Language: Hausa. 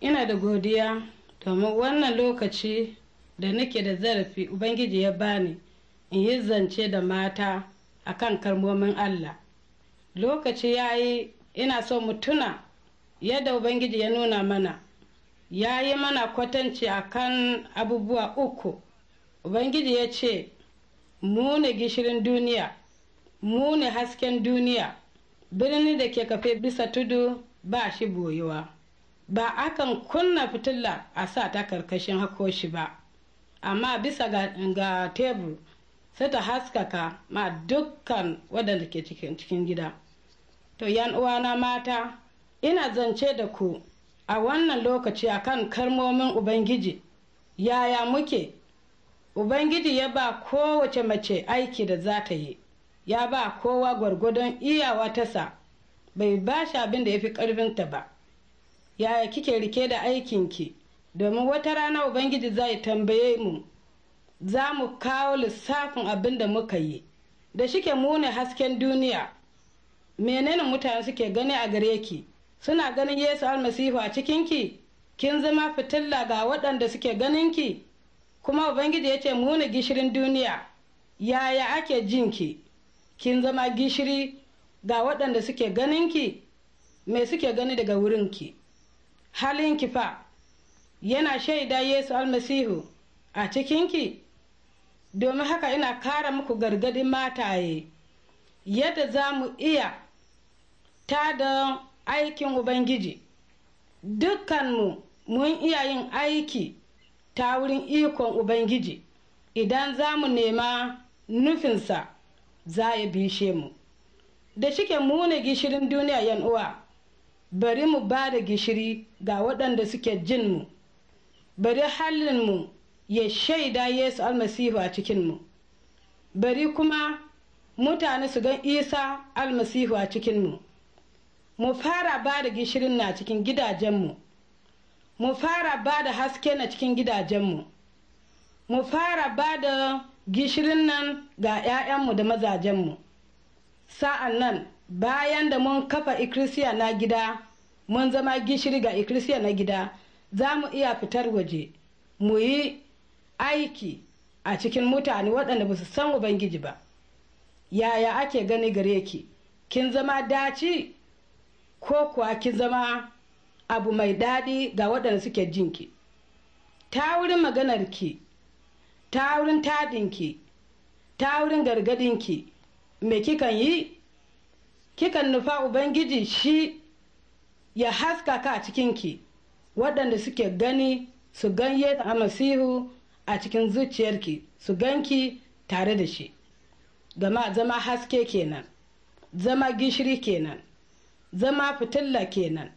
ina da godiya domin wannan lokaci da nake da zarafi ubangiji ya bani in yi zance da mata a kan kalmomin allah lokaci ya yi ina so mu tuna yadda ubangiji ya nuna mana ya yi mana kwatanci a kan abubuwa uku ubangiji ya ce mu ne gishirin duniya mu ne hasken duniya Birnin da ke kafe bisa tudu ba shi boyuwa. ba akan kunna fitila a sa ta karkashin hakoshi ba amma bisa ga tebur sai ta haskaka ma dukkan waɗanda ke cikin gida to yan uwana mata ina zance da ku a wannan lokaci a kan kalmomin ubangiji yaya muke ubangiji ya ba kowace mace aiki da za ta yi ya ba kowa gwargwadon iyawa tasa bai ba shi abin da ya fi ƙarfinta ba yaya kike rike da aikinki domin wata rana ubangiji zai tambaye mu za mu kawo lissafin abin da muka yi da shike muni hasken duniya menene mutane suke gani a gare ki suna ganin yesu almasihu a cikinki kin zama fitilla ga waɗanda suke ganinki kuma ubangiji ya ce muni gishirin duniya yaya ake jinki kin zama gishiri ga waɗanda suke ganinki me suke gani daga wurinki halinki fa yana shaida Yesu almasihu a cikinki domin haka ina kara muku gargadin mataye yadda za mu iya ta da aikin ubangiji dukkanmu mun iya yin aiki ta wurin ikon ubangiji idan za mu nema nufinsa za ya bishe mu da shike mu ne gishirin duniya yan uwa bari mu ba da gishiri ga waɗanda suke jinmu. bari halinmu ya shaida yesu almasihu a cikinmu bari kuma mutane su ga isa almasihu a cikinmu mu fara ba da gishirin na cikin gidajenmu mu fara ba da haske na cikin gidajenmu mu fara ba da gishirin nan ga 'ya'yanmu da mazajenmu sa'an nan bayan da mun kafa ikkilisiya na gida mun zama gishiri ga ikkilisiya na gida za mu iya fitar waje mu yi aiki a cikin mutane waɗanda ba su san ubangiji ba yaya ake gani gare ki kin zama daci ko kuwa kin zama abu mai daɗi ga waɗanda suke jinki ta wurin maganarki ta wurin tadinki ta wurin gargadinki me kikan yi kikan nufa ubangiji shi ya haska ka a cikinki waɗanda suke gani su ganye a masihu a cikin zuciyarki su ganki tare da shi gama zama haske kenan zama gishiri kenan zama fitilla kenan